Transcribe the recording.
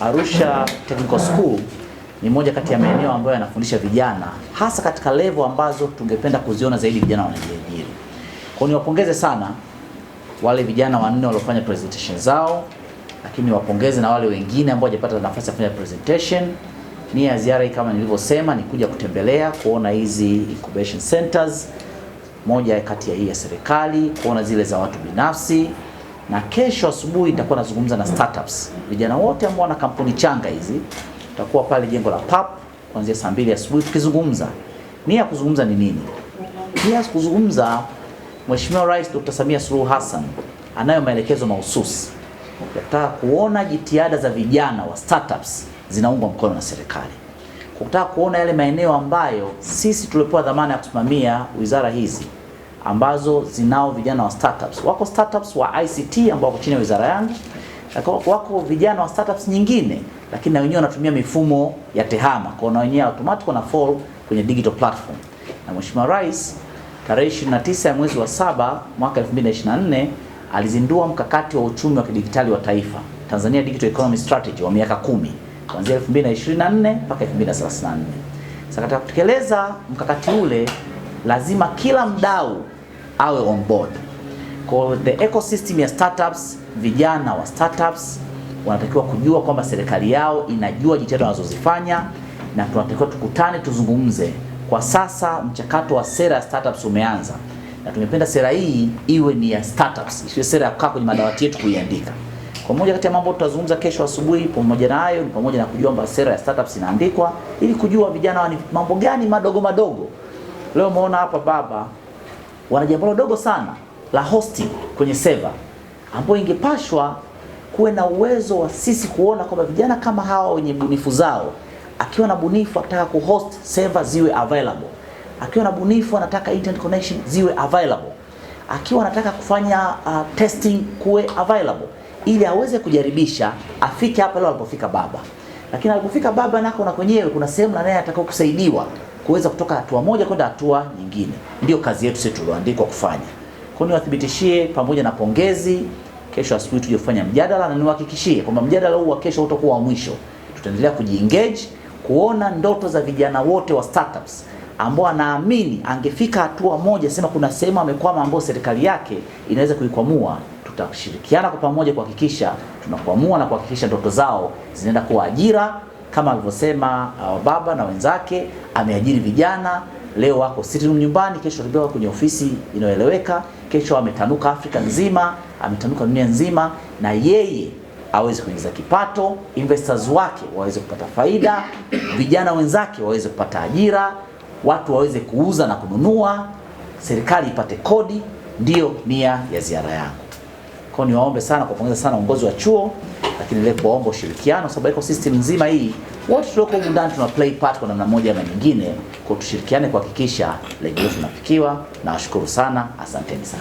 Arusha Technical School ni moja kati ya maeneo ambayo yanafundisha vijana hasa katika levo ambazo tungependa kuziona zaidi vijana wanajiajiri. Kwa niwapongeze sana wale vijana wanne waliofanya presentation zao, lakini wapongeze na wale wengine ambao hawajapata nafasi ya kufanya presentation. Nia ya ziara hii kama nilivyosema ni kuja kutembelea kuona hizi incubation centers, moja kati ya hii ya serikali, kuona zile za watu binafsi na kesho asubuhi nitakuwa nazungumza na startups, vijana wote ambao wana kampuni changa hizi. Tutakuwa pale jengo la PAP kuanzia saa mbili asubuhi tukizungumza. Nia ya kuzungumza ni nini? Nia ya kuzungumza, Mheshimiwa Rais Dr. Samia Suluhu Hassan anayo maelekezo mahususi kutaka kuona jitihada za vijana wa startups zinaungwa mkono na serikali, kutaka kuona yale maeneo ambayo sisi tuliopewa dhamana ya kusimamia wizara hizi ambazo zinao vijana wa startups. Wako startups wa ICT ambao wako chini ya wizara yangu, wako vijana wa startups nyingine, lakini na wenyewe wanatumia mifumo ya TEHAMA, kwa na wenyewe automatic na fall kwenye digital platform. Na Mheshimiwa Rais tarehe 29 ya mwezi wa saba mwaka 2024 alizindua mkakati wa uchumi wa kidigitali wa taifa, Tanzania Digital Economy Strategy wa miaka kumi kuanzia 2024 mpaka 2034. Sasa katika kutekeleza mkakati ule lazima kila mdau awe on board. Kwa the ecosystem ya startups, vijana wa startups wanatakiwa kujua kwamba serikali yao inajua jitihada wanazozifanya, na tunatakiwa tukutane, tuzungumze. Kwa sasa mchakato wa sera ya startups umeanza, na tumependa sera hii iwe ni ya startups, isiwe sera ya kukaa kwenye madawati yetu kuiandika. Kwa moja kati ya mambo tutazungumza kesho asubuhi, pamoja na hayo ni pamoja na kujua kwamba sera ya startups inaandikwa, ili kujua vijana wa mambo gani madogo madogo Leo umeona hapa baba wana jambo dogo sana la hosting kwenye seva ambayo ingepashwa kuwe na uwezo wa sisi kuona kwamba vijana kama hawa wenye bunifu zao, akiwa na bunifu anataka kuhost server ziwe available, akiwa na bunifu anataka internet connection ziwe available, akiwa anataka kufanya uh, testing kuwe available, ili aweze kujaribisha afike hapa leo alipofika baba. Lakini alipofika baba nako na kwenyewe kuna sehemu na naye atakao kusaidiwa kuweza kutoka hatua moja kwenda hatua nyingine. Ndio kazi yetu sisi tulioandikwa kufanya. Kwa hiyo niwathibitishie pamoja na pongezi, kesho asubuhi tuje kufanya mjadala, na niwahakikishie kwamba mjadala huu wa kesho utakuwa wa mwisho. Tutaendelea kujiengage kuona ndoto za vijana wote wa startups ambao anaamini angefika hatua moja, sema kuna sehemu amekwama ambayo serikali yake inaweza kuikwamua. Tutashirikiana kwa pamoja kuhakikisha tunakwamua na kuhakikisha ndoto zao zinaenda kuwa ajira kama alivyosema uh, baba na wenzake, ameajiri vijana leo wako sitting room nyumbani, kesho watapewa kwenye ofisi inayoeleweka, kesho ametanuka Afrika nzima, ametanuka dunia nzima, na yeye aweze kuingiza kipato, investors wake waweze kupata faida, vijana wenzake waweze kupata ajira, watu waweze kuuza na kununua, serikali ipate kodi. Ndiyo nia ya ziara yangu. Kwa hiyo niwaombe sana, kuwapongeza sana uongozi wa chuo lakini ile kuomba ushirikiano, sababu ecosystem nzima hii wote tulioko ndani tuna play part kwa namna moja ama nyingine, kwa tushirikiane kuhakikisha lengo letu linafikiwa. Nawashukuru sana, asanteni sana.